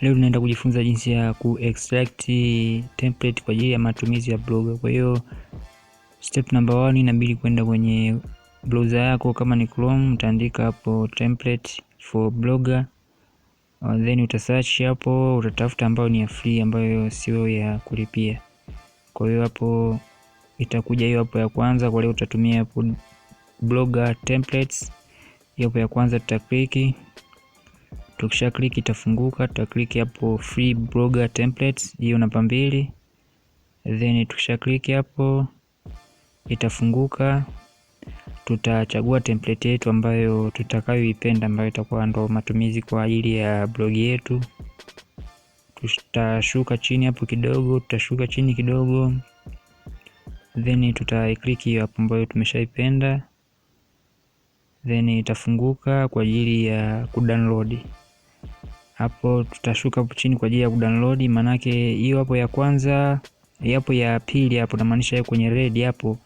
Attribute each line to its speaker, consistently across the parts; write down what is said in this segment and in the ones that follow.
Speaker 1: Leo tunaenda kujifunza jinsi ya ku extract template kwa ajili ya matumizi ya blogger. Kwa hiyo step number 1 inabidi kwenda kwenye browser yako, kama ni Chrome utaandika hapo template for blogger, uh, then uta search hapo, utatafuta ambayo ni ya free, ambayo sio ya kulipia. Kwa hiyo hapo itakuja hiyo hapo ya kwanza. Kwa leo utatumia hapo blogger templates, hiyo hapo ya kwanza tutaklik Tukisha click itafunguka, tuta click hapo free blogger templates, hiyo namba mbili. Then tukisha click hapo itafunguka, tutachagua template yetu ambayo tutakayoipenda, ambayo itakuwa ndo matumizi kwa ajili ya blogi yetu. Tutashuka chini hapo kidogo, tutashuka chini kidogo, then tutaiklik hiyo hapo ambayo tumeshaipenda, then itafunguka kwa ajili ya kudownload. Hapo tutashuka hapo chini kwa ajili ya kudownload, maanake hiyo hapo ya kwanza, hapo ya pili hapo namaanisha hiyo kwenye red hapo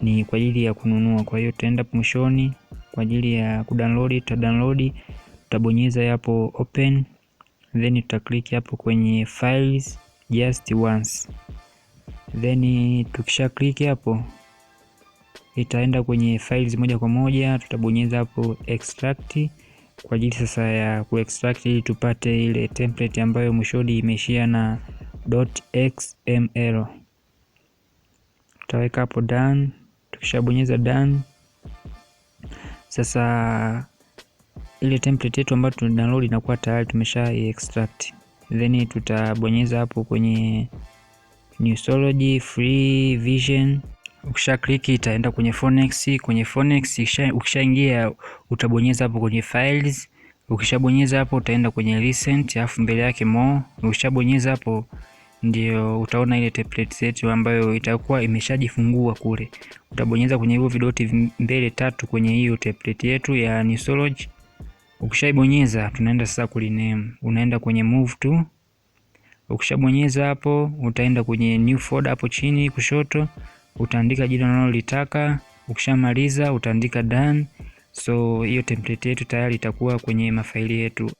Speaker 1: ni kwa ajili ya kununua. Kwa hiyo tutaenda mwishoni kwa ajili ya kudownload, download tutabonyeza hapo open, then tutaklik hapo kwenye files just once, then tukisha click hapo itaenda kwenye files moja kwa moja, tutabonyeza hapo extract kwa ajili sasa ya kuextract ili tupate ile template ambayo mwishodi imeishia na .xml. Tutaweka hapo done. Tukishabonyeza done, sasa ile template yetu ambayo tuna download inakuwa tayari tumesha extract, then tutabonyeza hapo kwenye Newsology, Free Vision. Ukisha click itaenda kwenye Phoenix. Kwenye Phoenix ukishaingia utabonyeza hapo kwenye files. Ukishabonyeza hapo utaenda kwenye recent, alafu mbele yake more. Ukishabonyeza hapo ndio utaona ile template set ambayo itakuwa imeshajifungua kule. Utabonyeza kwenye hiyo vidoti mbele tatu kwenye hiyo template yetu ya Nisology. Ukishaibonyeza tunaenda sasa kuliname. Unaenda kwenye move to. Ukishabonyeza hapo utaenda kwenye new folder hapo chini kushoto utaandika jina unalolitaka. Ukishamaliza utaandika done. So hiyo template yetu tayari itakuwa kwenye mafaili yetu.